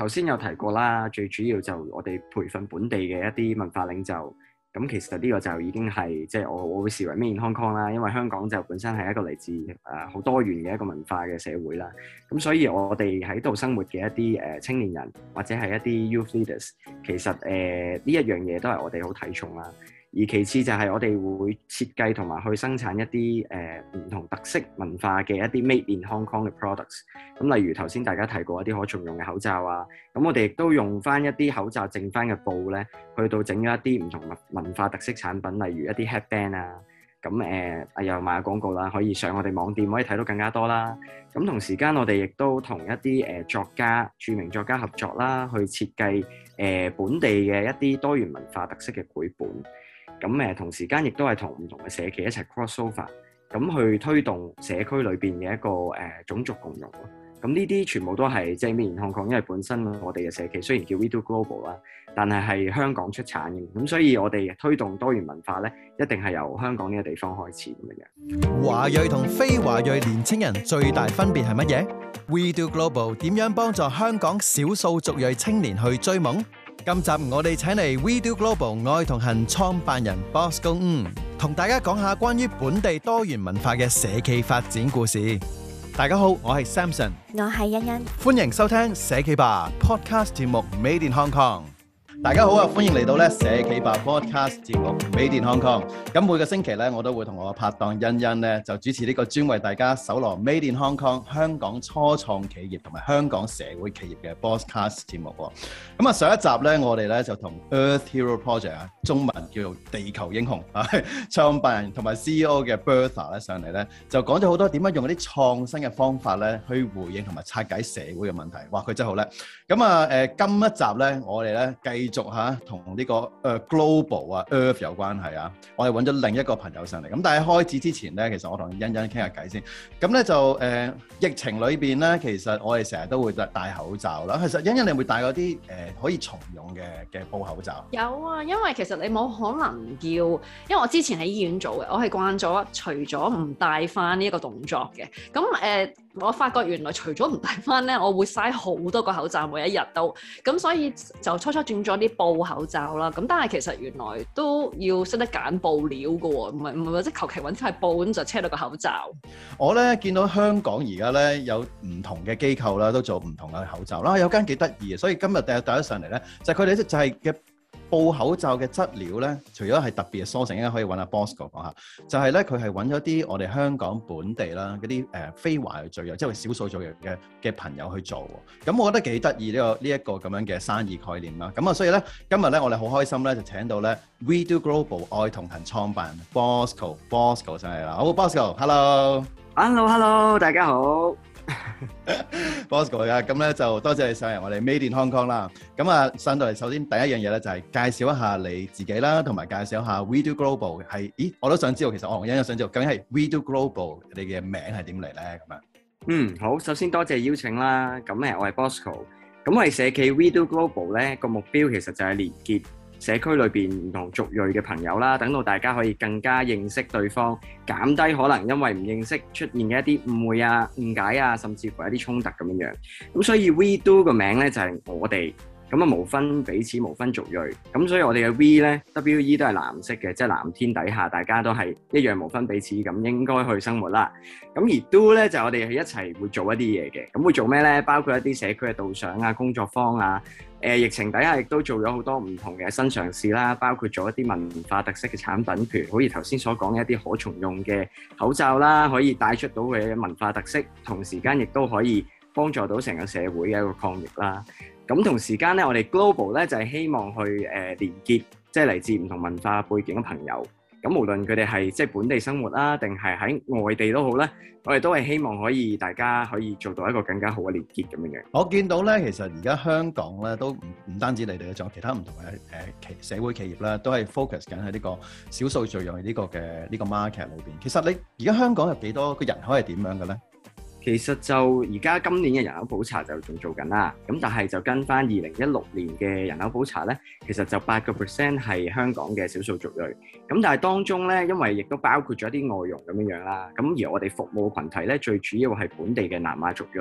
頭先有提過啦，最主要就我哋培訓本地嘅一啲文化領袖，咁其實呢個就已經係即係我我會視為咩健康 e 啦，因為香港就本身係一個嚟自誒好多元嘅一個文化嘅社會啦，咁所以我哋喺度生活嘅一啲誒青年人或者係一啲 Youth Leaders，其實誒呢、呃、一樣嘢都係我哋好睇重啊。而其次就係我哋會設計同埋去生產一啲誒唔同特色文化嘅一啲 Made in Hong Kong 嘅 products。咁、嗯、例如頭先大家提過一啲可重用嘅口罩啊，咁、嗯、我哋亦都用翻一啲口罩剩翻嘅布咧，去到整咗一啲唔同文文化特色產品，例如一啲 headband 啊。咁、嗯、誒、呃、又賣下廣告啦，可以上我哋網店可以睇到更加多啦。咁、嗯、同時間我哋亦都同一啲誒、呃、作家著名作家合作啦，去設計誒本地嘅一啲多元文化特色嘅繪本。咁誒同時間亦都係同唔同嘅社企一齊 cross over，咁去推動社區裏邊嘅一個誒種族共融。咁呢啲全部都係正面面相抗，因為本身我哋嘅社企雖然叫 We Do Global 啦，但係係香港出產嘅，咁所以我哋推動多元文化咧，一定係由香港呢個地方開始咁樣嘅。華裔同非華裔年青人最大分別係乜嘢？We Do Global 點樣幫助香港少數族裔青年去追夢？今集我哋請嚟 Video Global 愛同行創辦人 Bosco 嗯，同大家講下關於本地多元文化嘅社企發展故事。大家好，我係 Samson，我係欣欣，歡迎收聽社企吧 Podcast 節目 Made in Hong Kong。大家好啊！歡迎嚟到咧社企吧 podcast 節目 Made in Hong Kong。咁每個星期咧，我都會同我嘅拍檔欣欣咧，就主持呢個專為大家搜羅 Made in Hong Kong 香港初創企業同埋香港社會企業嘅 podcast 節目。咁啊，上一集咧，我哋咧就同 Earth Hero Project 啊，中文叫做地球英雄啊，創 辦人同埋 CEO 嘅 Bertha 咧上嚟咧，就講咗好多點樣用啲創新嘅方法咧，去回應同埋拆解社會嘅問題。哇，佢真好咧！咁啊，誒、呃，今一集咧，我哋咧繼續吓同呢個誒、呃、global 啊 Earth 有關係啊，我哋揾咗另一個朋友上嚟，咁但係開始之前咧，其實我同欣欣傾下偈先，咁咧就誒、呃、疫情裏邊咧，其實我哋成日都會戴戴口罩啦。其實欣欣你會戴嗰啲誒可以重用嘅嘅布口罩？有啊，因為其實你冇可能叫，因為我之前喺醫院做嘅，我係慣咗除咗唔戴翻呢一個動作嘅，咁誒。呃我發覺原來除咗唔戴翻咧，我會嘥好多個口罩每一日都，咁所以就初初轉咗啲布口罩啦。咁但係其實原來都要識得揀布料㗎喎，唔係唔係或者求其揾塊布咁就車到個口罩。我咧見到香港而家咧有唔同嘅機構啦，都做唔同嘅口罩啦，有間幾得意嘅，所以今日帶帶咗上嚟咧，就佢哋就係嘅。布口罩嘅質料咧，除咗係特別嘅 sourcing，應該可以揾阿 Bosco 講下，就係咧佢係揾咗啲我哋香港本地啦嗰啲誒非華裔嘅製藥，即係少數族裔嘅嘅朋友去做。咁、嗯、我覺得幾得意呢個呢一、呢個咁樣嘅生意概念啦。咁、嗯、啊，所以咧今日咧我哋好開心咧就請到咧 We Do Global 愛同行創辦人 Bosco Bosco 上嚟啦。好，Bosco，Hello，Hello，Hello，大家好。Bosco 啊，咁咧就多謝你上嚟，我哋 Made in Hong Kong 啦。咁啊，上到嚟首先第一樣嘢咧就係介紹一下你自己啦，同埋介紹下 We Do Global 係。咦，我都想知道，其實我同欣想知道究竟係 We Do Global 你嘅名係點嚟咧？咁樣，嗯，好，首先多謝邀請啦。咁，誒，我係 Bosco。咁我哋社企 We Do Global 咧個目標其實就係連結。社區裏邊唔同族裔嘅朋友啦，等到大家可以更加認識對方，減低可能因為唔認識出現嘅一啲誤會啊、誤解啊，甚至乎一啲衝突咁樣樣。咁所以 We Do 個名咧就係我哋咁啊，無分彼此，無分族裔。咁所以我哋嘅 We 咧，W、E 都係藍色嘅，即係藍天底下大家都係一樣，無分彼此咁應該去生活啦。咁而 Do 咧就係我哋係一齊會做一啲嘢嘅，咁會做咩咧？包括一啲社區嘅導賞啊、工作坊啊。疫情底下亦都做咗好多唔同嘅新嘗試啦，包括做一啲文化特色嘅產品，譬如好似頭先所講嘅一啲可重用嘅口罩啦，可以帶出到佢嘅文化特色，同時間亦都可以幫助到成個社會嘅一個抗疫啦。咁同時間咧，我哋 global 咧就係希望去誒連結，即係嚟自唔同文化背景嘅朋友。咁無論佢哋係即係本地生活啦，定係喺外地都好咧，我哋都係希望可以大家可以做到一個更加好嘅連結咁樣樣。我見到咧，其實而家香港咧都唔唔單止你哋，仲有其他唔同嘅誒企社會企業啦，都係 focus 緊喺呢個少數族裔呢個嘅呢個 market 裏邊。其實你而家香港有幾多個人口係點樣嘅咧？其實就而家今年嘅人口普查就仲做緊啦，咁但係就跟翻二零一六年嘅人口普查咧，其實就八個 percent 係香港嘅少數族裔，咁但係當中咧，因為亦都包括咗一啲外傭咁樣樣啦，咁而我哋服務群體咧，最主要係本地嘅南亞族裔，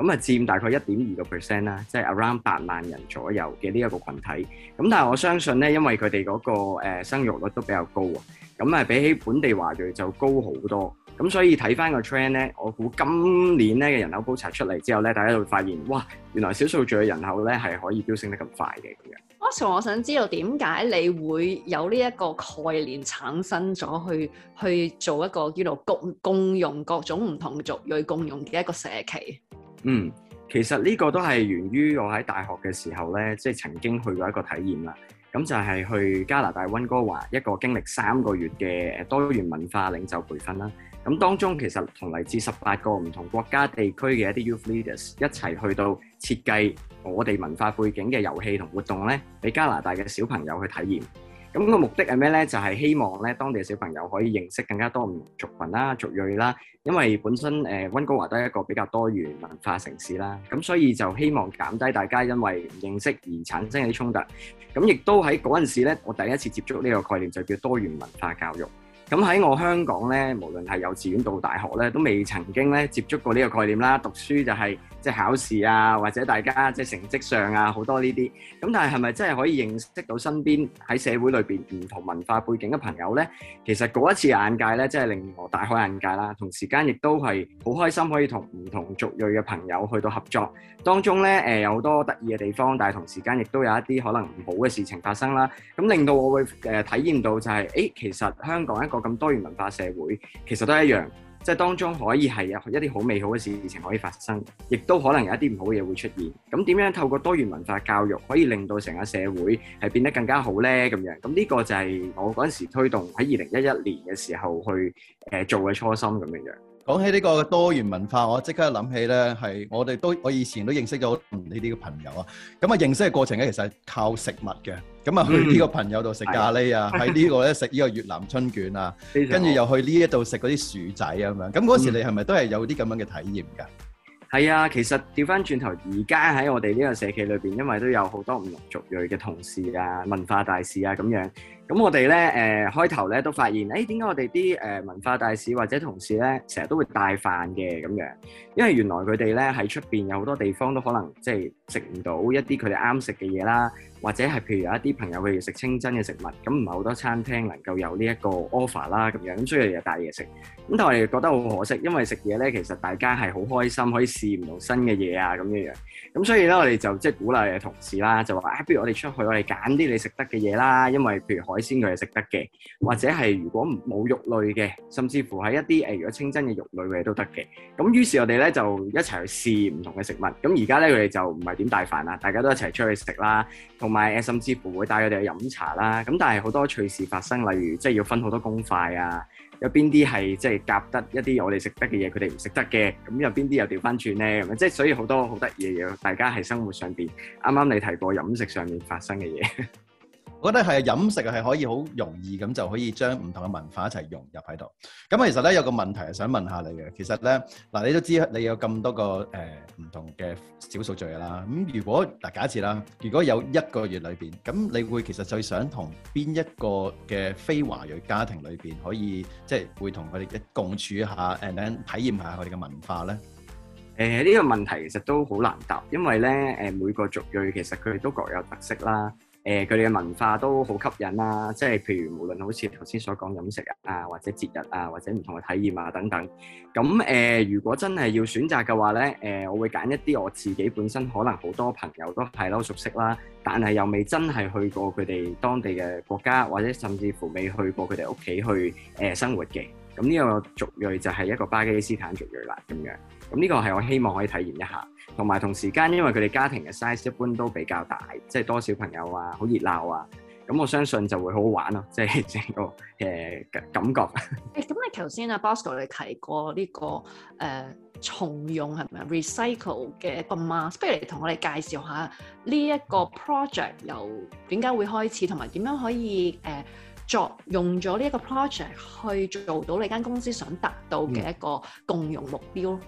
咁啊佔大概一點二個 percent 啦，即係 around 八萬人左右嘅呢一個群體，咁但係我相信咧，因為佢哋嗰個誒生育率都比較高啊，咁啊比起本地華裔就高好多。咁所以睇翻個 trend 咧，我估今年咧嘅人口普查出嚟之後咧，大家就會發現，哇，原來少數族嘅人口咧係可以飆升得咁快嘅。阿 Sir，啊，我想知道點解你會有呢一個概念產生咗，去去做一個叫做共共用各種唔同族裔共用嘅一個社企。嗯，其實呢個都係源於我喺大學嘅時候咧，即係曾經去過一個體驗啦。咁就係去加拿大溫哥華一個經歷三個月嘅多元文化領袖培訓啦。咁當中其實同嚟自十八個唔同國家地區嘅一啲 youth leaders 一齊去到設計我哋文化背景嘅遊戲同活動呢，俾加拿大嘅小朋友去體驗。咁個目的係咩呢？就係、是、希望咧當地嘅小朋友可以認識更加多唔同族群啦、族裔啦。因為本身誒温哥華都係一個比較多元文化城市啦，咁所以就希望減低大家因為不認識而產生啲衝突。咁亦都喺嗰時咧，我第一次接觸呢個概念就叫多元文化教育。咁喺我香港咧，無論係幼稚園到大學咧，都未曾經接觸過呢個概念啦。讀書就係、是。即係考試啊，或者大家即係成績上啊，好多呢啲咁，但係係咪真係可以認識到身邊喺社會裏邊唔同文化背景嘅朋友呢？其實嗰一次眼界咧，真係令我大開眼界啦。同時間亦都係好開心可以同唔同族裔嘅朋友去到合作當中呢，誒有好多得意嘅地方，但係同時間亦都有一啲可能唔好嘅事情發生啦。咁令到我會誒體驗到就係，誒其實香港一個咁多元文化社會，其實都一樣。即係當中可以係有一啲好美好嘅事情可以發生，亦都可能有一啲唔好嘢會出現。咁點樣透過多元文化教育可以令到成個社會係變得更加好呢？咁樣咁呢個就係我嗰陣時推動喺二零一一年嘅時候去誒做嘅初心咁樣。講起呢個多元文化，我即刻諗起咧，係我哋都我以前都認識咗呢啲嘅朋友啊。咁啊，認識嘅過程咧，其實係靠食物嘅。咁啊，去呢個朋友度食咖喱啊，喺呢、嗯、 個咧食呢個越南春卷啊，跟住又去呢一度食嗰啲薯仔啊咁樣。咁嗰時你係咪都係有啲咁樣嘅體驗㗎？係啊、嗯，其實調返轉頭，而家喺我哋呢個社企裏邊，因為都有好多唔同族裔嘅同事啊、文化大使啊咁樣。咁我哋咧，誒開頭咧都發現，誒點解我哋啲誒文化大使或者同事咧，成日都會帶飯嘅咁樣，因為原來佢哋咧喺出邊有好多地方都可能即係食唔到一啲佢哋啱食嘅嘢啦，或者係譬如有一啲朋友佢哋食清真嘅食物，咁唔係好多餐廳能夠有呢一個 offer 啦咁樣，咁所以又帶嘢食，咁但係我哋覺得好可惜，因為食嘢咧其實大家係好開心，可以試唔到新嘅嘢啊咁樣樣，咁所以咧我哋就即係鼓勵嘅同事啦，就話啊，不如我哋出去，我哋揀啲你食得嘅嘢啦，因為譬如海。先佢哋食得嘅，或者係如果冇肉類嘅，甚至乎喺一啲誒，如果清真嘅肉類嘅嘢都得嘅。咁於是我哋咧就一齊去試唔同嘅食物。咁而家咧佢哋就唔係點帶飯啦，大家都一齊出去食啦，同埋甚至乎會帶佢哋去飲茶啦。咁但係好多趣事發生，例如即係要分好多公筷啊，有邊啲係即係夾得一啲我哋食得嘅嘢，佢哋唔食得嘅，咁有邊啲又掉翻轉咧？咁即係所以好多好得意嘅嘢，大家喺生活上邊，啱啱你提過飲食上面發生嘅嘢。我覺得係飲食係可以好容易咁就可以將唔同嘅文化一齊融入喺度。咁其實咧有個問題想問下你嘅，其實咧嗱，你都知你有咁多個誒唔、呃、同嘅少數族裔啦。咁如果嗱假設啦，如果有一個月裏邊，咁你會其實最想同邊一個嘅非華裔家庭裏邊可以即係、就是、會同佢哋共處一下，and 體驗下佢哋嘅文化咧？誒呢、呃這個問題其實都好難答，因為咧誒、呃、每個族裔其實佢哋都各有特色啦。誒佢哋嘅文化都好吸引啦，即係譬如無論好似頭先所講飲食啊，或者節日啊，或者唔同嘅體驗啊等等。咁誒、呃，如果真係要選擇嘅話咧，誒、呃，我會揀一啲我自己本身可能好多朋友都係好熟悉啦，但係又未真係去過佢哋當地嘅國家，或者甚至乎未去過佢哋屋企去誒、呃、生活嘅。咁呢個族裔就係一個巴基斯坦族裔啦，咁樣。咁呢個係我希望可以體驗一下。同埋同時間，因為佢哋家庭嘅 size 一般都比較大，即係多小朋友啊，好熱鬧啊，咁我相信就會好好玩咯、啊，即係整個嘅、呃、感覺 。誒，咁你頭先阿 Bosco 你提過呢、呢個誒、呃、重用係咪 recycle 嘅一個 mask， 不如你同我哋介紹下呢一個 project 由點解會開始，同埋點樣可以誒、呃、作用咗呢一個 project 去做到你間公司想達到嘅一個共用目標咯。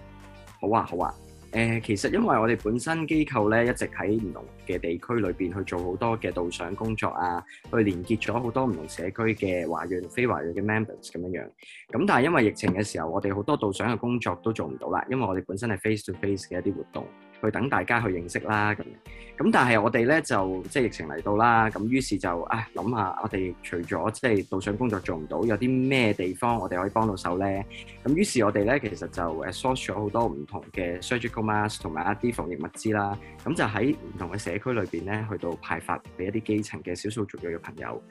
嗯、好啊，好啊。誒、呃，其實因為我哋本身機構咧，一直喺唔同嘅地區裏邊去做好多嘅導賞工作啊，去連結咗好多唔同社區嘅華裔、非華裔嘅 members 咁樣樣。咁但係因為疫情嘅時候，我哋好多導賞嘅工作都做唔到啦，因為我哋本身係 face to face 嘅一啲活動。去等大家去認識啦，咁咁，但係我哋咧就即係疫情嚟到啦，咁於是就啊諗下我，我哋除咗即係導賞工作做唔到，有啲咩地方我哋可以幫到手咧？咁於是我哋咧其實就 search 咗好多唔同嘅 surgical mask 同埋一啲防疫物資啦，咁就喺唔同嘅社區裏邊咧，去到派發俾一啲基層嘅少數族裔嘅朋友。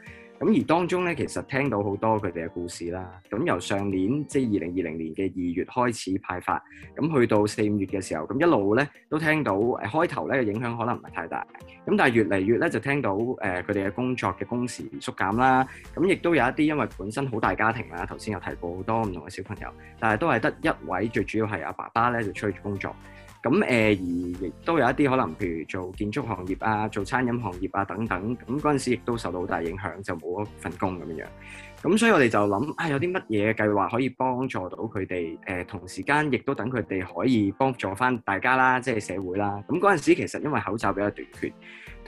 咁而當中咧，其實聽到好多佢哋嘅故事啦。咁由上年，即係二零二零年嘅二月開始派發，咁去到四五月嘅時候，咁一路咧都聽到誒開頭咧影響可能唔係太大，咁但係越嚟越咧就聽到誒佢哋嘅工作嘅工時縮減啦。咁亦都有一啲因為本身好大家庭啦，頭先有提過好多唔同嘅小朋友，但係都係得一位，最主要係阿爸爸咧就出去工作。咁誒而亦都有一啲可能，譬如做建築行業啊、做餐飲行業啊等等，咁嗰陣時亦都受到好大影響，就冇咗份工咁樣。咁所以我哋就諗，啊有啲乜嘢計劃可以幫助到佢哋？誒同時間亦都等佢哋可以幫助返大家啦，即係社會啦。咁嗰陣時其實因為口罩比較短缺。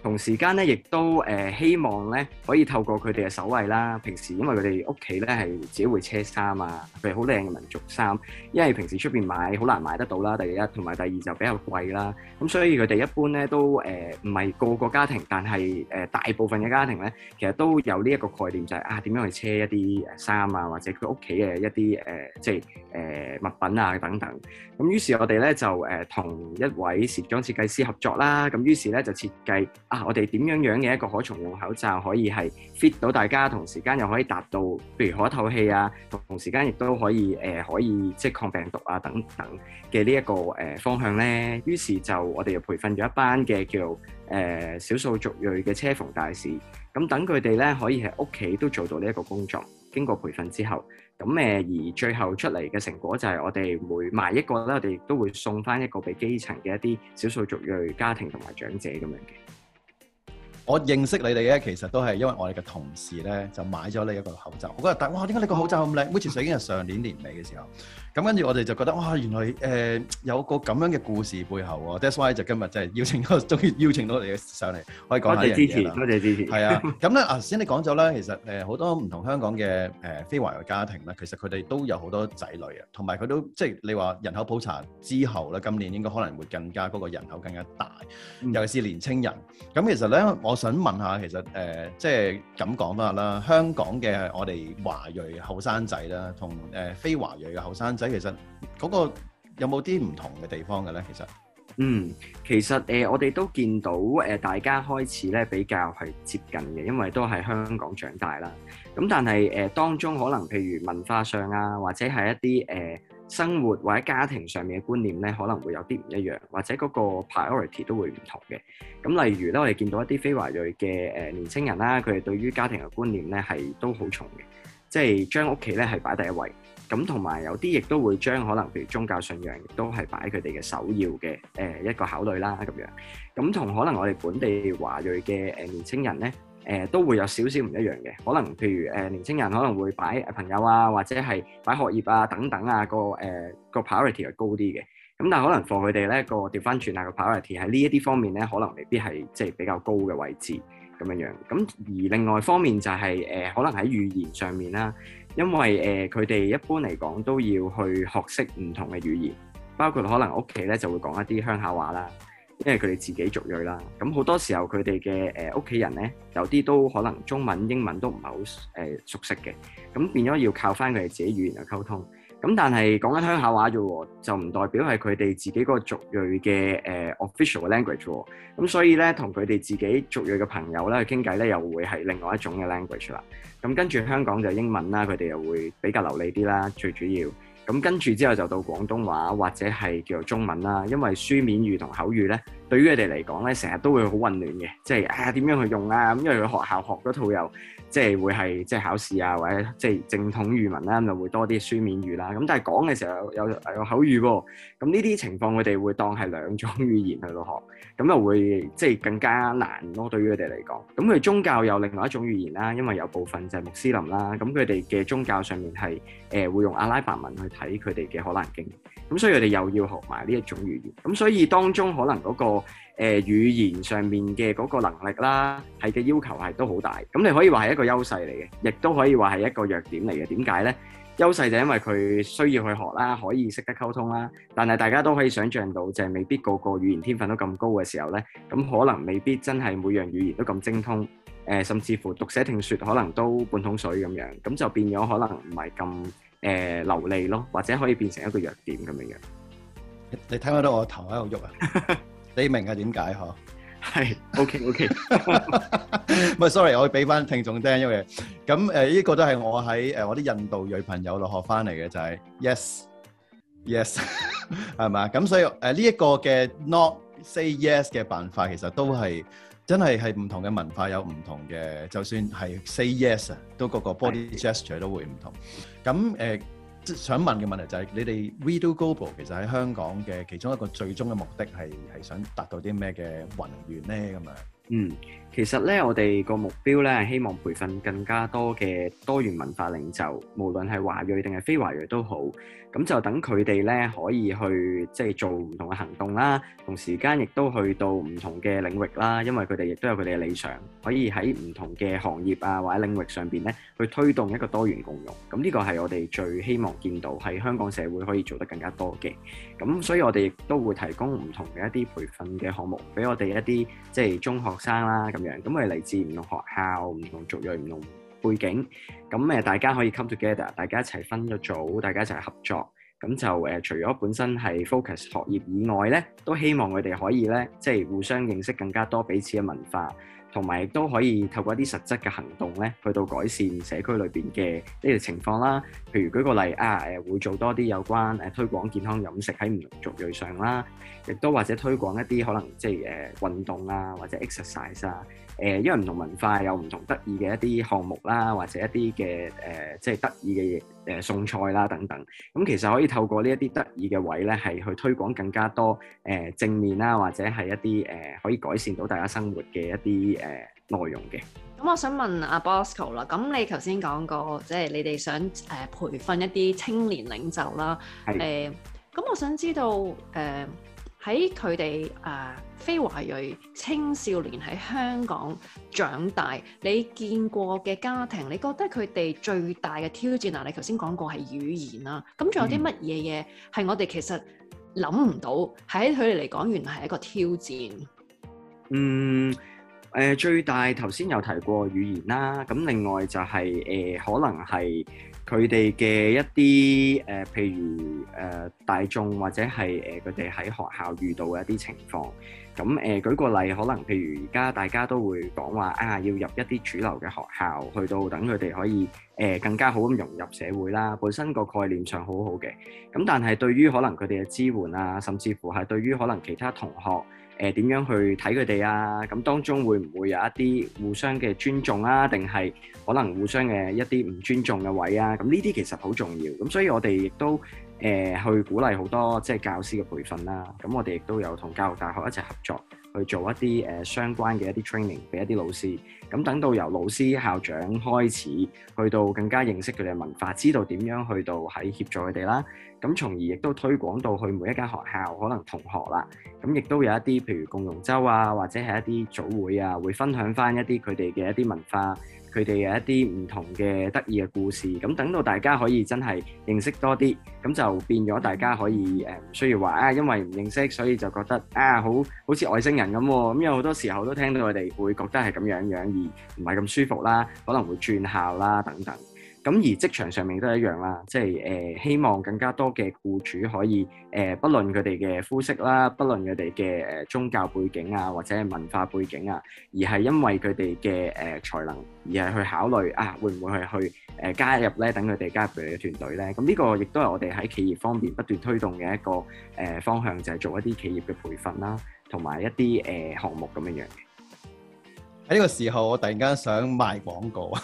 同時間咧，亦都誒希望咧可以透過佢哋嘅手藝啦。平時因為佢哋屋企咧係自己會車衫啊，譬如好靚嘅民族衫，因為平時出邊買好難買得到啦。第一，同埋第二就比較貴啦。咁所以佢哋一般咧都誒唔係個個家庭，但係誒大部分嘅家庭咧，其實都有呢一個概念，就係啊點樣去車一啲衫啊，或者佢屋企嘅一啲誒即係誒物品啊等等。咁於是我哋咧就誒同一位時裝設計師合作啦。咁於是咧就設計。啊、我哋點樣樣嘅一個可重用口罩可以係 fit 到大家，同時間又可以達到，譬如可透氣啊，同時間亦都可以誒、呃，可以即係抗病毒啊等等嘅呢一個誒、呃、方向咧。於是就我哋又培訓咗一班嘅叫誒少、呃、數族裔嘅車縫大使。咁、嗯、等佢哋咧可以喺屋企都做到呢一個工作。經過培訓之後，咁、嗯、誒、呃、而最後出嚟嘅成果就係我哋每賣一個咧，我哋都會送翻一個俾基層嘅一啲少數族裔家庭同埋長者咁樣嘅。我認識你哋咧，其實都係因為我哋嘅同事咧就買咗呢一個口罩，我覺得但係哇，點解你個口罩咁靚？好似就已經係上年年尾嘅時候，咁跟住我哋就覺得哇，原來誒、呃、有個咁樣嘅故事背後。That's why 就今日就係邀請到終於邀請到你嘅上嚟，可以講多謝支持，多謝支持。係啊，咁咧頭先你講咗咧，其實誒好多唔同香港嘅誒非華裔家庭咧，其實佢哋都有好多仔女啊，同埋佢都即係你話人口普查之後咧，今年應該可能會更加嗰、那個人口更加大，嗯、尤其是年青人。咁其實咧我。我想問下，其實誒即係咁講啦，香港嘅我哋華裔後生仔啦，同誒非華裔嘅後生仔，其實嗰個有冇啲唔同嘅地方嘅咧？其實，嗯，其實誒我哋都見到誒大家開始咧比較係接近嘅，因為都喺香港長大啦。咁但係誒當中可能譬如文化上啊，或者係一啲誒。生活或者家庭上面嘅觀念咧，可能會有啲唔一樣，或者嗰個 priority 都會唔同嘅。咁例如咧，我哋見到一啲非華裔嘅誒年青人啦，佢哋對於家庭嘅觀念咧係都好重嘅，即係將屋企咧係擺第一位。咁同埋有啲亦都會將可能譬如宗教信仰亦都係擺佢哋嘅首要嘅誒一個考慮啦咁樣。咁同可能我哋本地華裔嘅誒年青人咧。誒、呃、都會有少少唔一樣嘅，可能譬如誒、呃、年輕人可能會擺朋友啊，或者係擺學業啊等等啊，呃、個誒個 priority 係高啲嘅。咁但係可能放佢哋咧個調翻轉啊，個 priority 喺呢一啲方面咧，可能未必係即係比較高嘅位置咁樣樣。咁而另外方面就係、是、誒、呃、可能喺語言上面啦，因為誒佢哋一般嚟講都要去學識唔同嘅語言，包括可能屋企咧就會講一啲鄉下話啦。因為佢哋自己族裔啦，咁好多時候佢哋嘅誒屋企人咧，有啲都可能中文、英文都唔係好誒熟悉嘅，咁變咗要靠返佢哋自己語言去溝通。咁但係講緊鄉下話啫喎，就唔代表係佢哋自己個族裔嘅誒、呃、official language 喎。咁所以咧，同佢哋自己族裔嘅朋友咧去傾偈咧，又會係另外一種嘅 language 啦。咁跟住香港就英文啦，佢哋又會比較流利啲啦，最主要。咁跟住之後就到廣東話或者係叫做中文啦，因為書面語同口語呢，對於佢哋嚟講呢，成日都會好混亂嘅，即係啊，點樣去用啊，因為佢學校學嗰套又。即係會係即係考試啊，或者即係正統語文啦，咁就會多啲書面語啦。咁但係講嘅時候有有口語喎。咁呢啲情況佢哋會當係兩種語言去到學，咁又會即係更加難咯。對於佢哋嚟講，咁佢宗教有另外一種語言啦，因為有部分就係穆斯林啦。咁佢哋嘅宗教上面係誒會用阿拉伯文去睇佢哋嘅可蘭經。咁所以佢哋又要學埋呢一種語言。咁所以當中可能嗰、那個。誒，語言上面嘅嗰個能力啦，係嘅要求係都好大。咁你可以話係一個優勢嚟嘅，亦都可以話係一個弱點嚟嘅。點解呢？優勢就因為佢需要去學啦，可以識得溝通啦。但係大家都可以想象到，就係未必個個語言天分都咁高嘅時候呢，咁可能未必真係每樣語言都咁精通。誒，甚至乎讀寫聽說可能都半桶水咁樣，咁就變咗可能唔係咁誒流利咯，或者可以變成一個弱點咁樣樣。你睇唔到我頭喺度喐啊？ 你明係點解呵？係 OK OK，唔係 sorry，我俾翻聽眾聽，因為咁誒呢個都係我喺誒我啲印度裔朋友度學翻嚟嘅，就係 yes yes 係嘛？咁所以誒呢一個嘅 not say yes 嘅辦法，其實都係真係係唔同嘅文化有唔同嘅，就算係 say yes 都個個 body gesture 都會唔同，咁誒。想問嘅問題就係、是、你哋 We Do Global 其實喺香港嘅其中一個最終嘅目的係係想達到啲咩嘅宏願呢？咁樣。嗯，其實呢，我哋個目標呢係希望培訓更加多嘅多元文化領袖，無論係華裔定係非華裔都好。咁就等佢哋咧可以去即係、就是、做唔同嘅行動啦，同時間亦都去到唔同嘅領域啦。因為佢哋亦都有佢哋嘅理想，可以喺唔同嘅行業啊或者領域上邊咧去推動一個多元共融。咁呢個係我哋最希望見到喺香港社會可以做得更加多嘅。咁所以我哋亦都會提供唔同嘅一啲培訓嘅項目俾我哋一啲即係中學生啦咁樣，咁係嚟自唔同學校、唔同族裔、唔同背景咁誒，大家可以 come together，大家一齊分咗組，大家一齊合作。咁就誒，除咗本身係 focus 學業以外咧，都希望佢哋可以咧，即係互相認識更加多彼此嘅文化，同埋亦都可以透過一啲實質嘅行動咧，去到改善社區裏邊嘅呢個情況啦。譬如舉個例啊，誒會做多啲有關誒推廣健康飲食喺唔同族裔上啦，亦都或者推廣一啲可能即係誒運動啊，或者 exercise 啊。誒，因為唔同文化有唔同得意嘅一啲項目啦，或者一啲嘅誒，即係得意嘅嘢誒，餸菜啦等等。咁其實可以透過呢一啲得意嘅位呢，係去推廣更加多誒，呃，正面啦，或者係一啲誒，呃，可以改善到大家生活嘅一啲誒，呃，內容嘅。咁我想問阿 Bosco 啦，咁你頭先講過，即係你哋想誒培訓一啲青年領袖啦，誒，係，咁，呃，我想知道誒。呃喺佢哋誒非華裔青少年喺香港長大，你見過嘅家庭，你覺得佢哋最大嘅挑戰呀，你頭先講過係語言啦、啊，咁仲有啲乜嘢嘢係我哋其實諗唔到，喺佢哋嚟講，原來係一個挑戰。嗯，誒、呃、最大頭先有提過語言啦，咁另外就係、是、誒、呃、可能係。佢哋嘅一啲誒、呃，譬如誒、呃、大眾或者係誒佢哋喺學校遇到嘅一啲情況，咁誒、呃、舉個例，可能譬如而家大家都會講話啊，要入一啲主流嘅學校，去到等佢哋可以誒、呃、更加好咁融入社會啦。本身個概念上好好嘅，咁但係對於可能佢哋嘅支援啊，甚至乎係對於可能其他同學。誒點、呃、樣去睇佢哋啊？咁當中會唔會有一啲互相嘅尊重啊？定係可能互相嘅一啲唔尊重嘅位啊？咁呢啲其實好重要。咁所以我哋亦都誒、呃、去鼓勵好多即係教師嘅培訓啦、啊。咁我哋亦都有同教育大學一齊合作。去做一啲誒相關嘅一啲 training 俾一啲老師，咁等到由老師校長開始，去到更加認識佢哋嘅文化，知道點樣去到喺協助佢哋啦。咁從而亦都推廣到去每一間學校，可能同學啦。咁亦都有一啲譬如共融周啊，或者係一啲組會啊，會分享翻一啲佢哋嘅一啲文化。佢哋嘅一啲唔同嘅得意嘅故事，咁等到大家可以真係認識多啲，咁就變咗大家可以誒，唔需要話啊，因為唔認識所以就覺得啊，好好似外星人咁喎，因為好多時候都聽到佢哋會覺得係咁樣樣而唔係咁舒服啦，可能會轉校啦等等。咁而職場上面都一樣啦，即係誒、呃、希望更加多嘅僱主可以誒、呃，不論佢哋嘅膚色啦，不論佢哋嘅誒宗教背景啊，或者文化背景啊，而係因為佢哋嘅誒才能，而係去考慮啊，會唔會係去誒、呃、加入咧？等佢哋加入佢哋嘅團隊咧。咁呢個亦都係我哋喺企業方面不斷推動嘅一個誒方向，就係、是、做一啲企業嘅培訓啦，同埋一啲誒、呃、項目咁樣樣。喺呢個時候，我突然間想賣廣告啊！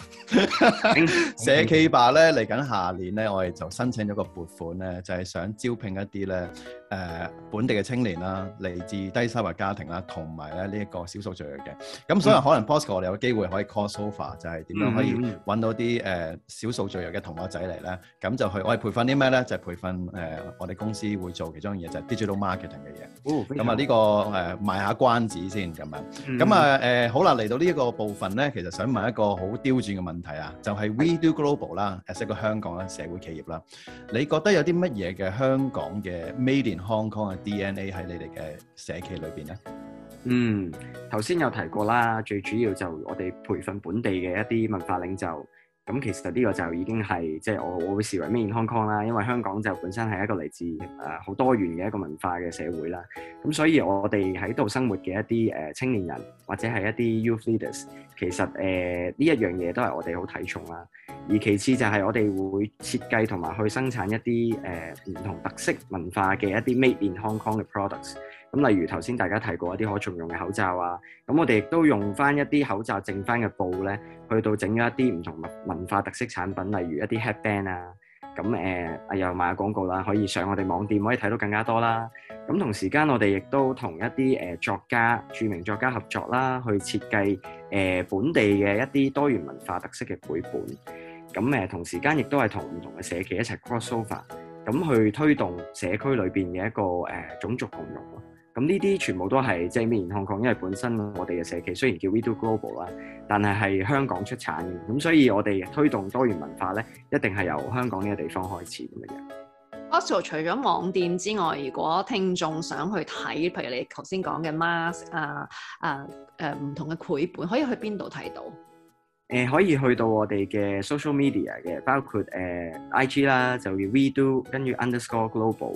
社企吧咧嚟緊下年咧，我哋就申請咗個撥款咧，就係、是、想招聘一啲咧誒本地嘅青年啦，嚟自低收入家庭啦，同埋咧呢一個少數族裔嘅。咁所以可能 Posco 我哋有機會可以 call so far 就係點樣可以揾到啲誒、呃、少數族裔嘅同學仔嚟咧？咁就去我哋培訓啲咩咧？就係、是、培訓誒、呃、我哋公司會做其中一樣嘢，就係、是、digital marketing 嘅嘢。咁啊呢個誒、呃、賣下關子先咁樣。咁啊誒好啦嚟。到呢一個部分咧，其實想問一個好刁鑽嘅問題啊，就係、是、We Do Global 啦，係一個香港嘅社會企業啦，你覺得有啲乜嘢嘅香港嘅 made in Hong Kong 嘅 DNA 喺你哋嘅社企裏邊咧？嗯，頭先有提過啦，最主要就我哋培訓本地嘅一啲文化領袖。咁其實呢個就已經係即係我我會視為 Made in Hong Kong 啦，因為香港就本身係一個嚟自誒好多元嘅一個文化嘅社會啦。咁所以我哋喺度生活嘅一啲誒青年人或者係一啲 youth leaders，其實誒呢、呃、一樣嘢都係我哋好睇重啦。而其次就係我哋會設計同埋去生產一啲誒唔同特色文化嘅一啲 Made in Hong Kong 嘅 products。咁，例如頭先大家提過一啲可重用嘅口罩啊，咁我哋亦都用翻一啲口罩剩翻嘅布咧，去到整咗一啲唔同文文化特色產品，例如一啲 headband 啊，咁誒、呃、又賣下廣告啦，可以上我哋網店可以睇到更加多啦。咁同時間，我哋亦都同一啲誒作家、著名作家合作啦，去設計誒本地嘅一啲多元文化特色嘅繪本。咁誒、呃、同時間亦都係同唔同嘅社企一齊 cross over，咁去推動社區裏邊嘅一個誒、呃、種族共融。咁呢啲全部都係正面面控，因為本身我哋嘅社企雖然叫 We Do Global 啦，但係係香港出產嘅，咁所以我哋推動多元文化咧，一定係由香港呢個地方開始咁樣嘅。阿除咗網店之外，如果聽眾想去睇，譬如你頭先講嘅 mask 啊、啊誒唔同嘅繪本，可以去邊度睇到？誒、呃，可以去到我哋嘅 social media 嘅，包括誒、uh, IG 啦，就叫 We Do 跟住 Underscore Global。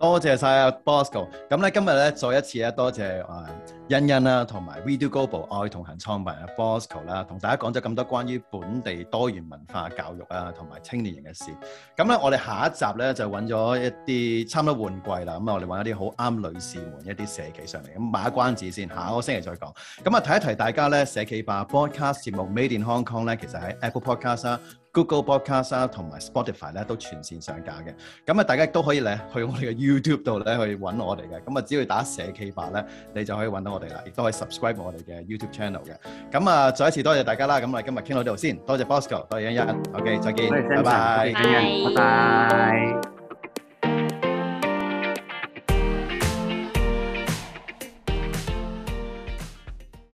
多謝晒啊，Bosco。咁 Bos 咧今日咧再一次咧，多謝啊欣欣啦，同埋 We Do Global 愛同行創辦人 Bosco 啦，同大家講咗咁多關於本地多元文化教育啊，同埋青年人嘅事。咁咧我哋下一集咧就揾咗一啲差唔多換季啦。咁啊，我哋揾一啲好啱女士們一啲社企上嚟。咁賣下關子先，下個星期再講。咁啊提一提大家咧社企吧 Podcast 節目 Made in Hong Kong 咧，其實喺 Apple Podcast Google Podcast 啊，同埋 Spotify 咧都全線上架嘅。咁、嗯、啊，大家亦都可以咧去我哋嘅 YouTube 度咧去揾我哋嘅。咁、嗯、啊，只要打社企八咧，你就可以揾到我哋啦，亦都可以 subscribe 我哋嘅 YouTube Channel 嘅。咁、嗯、啊，再一次多謝大家啦。咁我哋今日傾到呢度先。多謝 Bosco，多謝欣欣。嗯，嗯、OK，再見，拜拜、嗯。拜拜。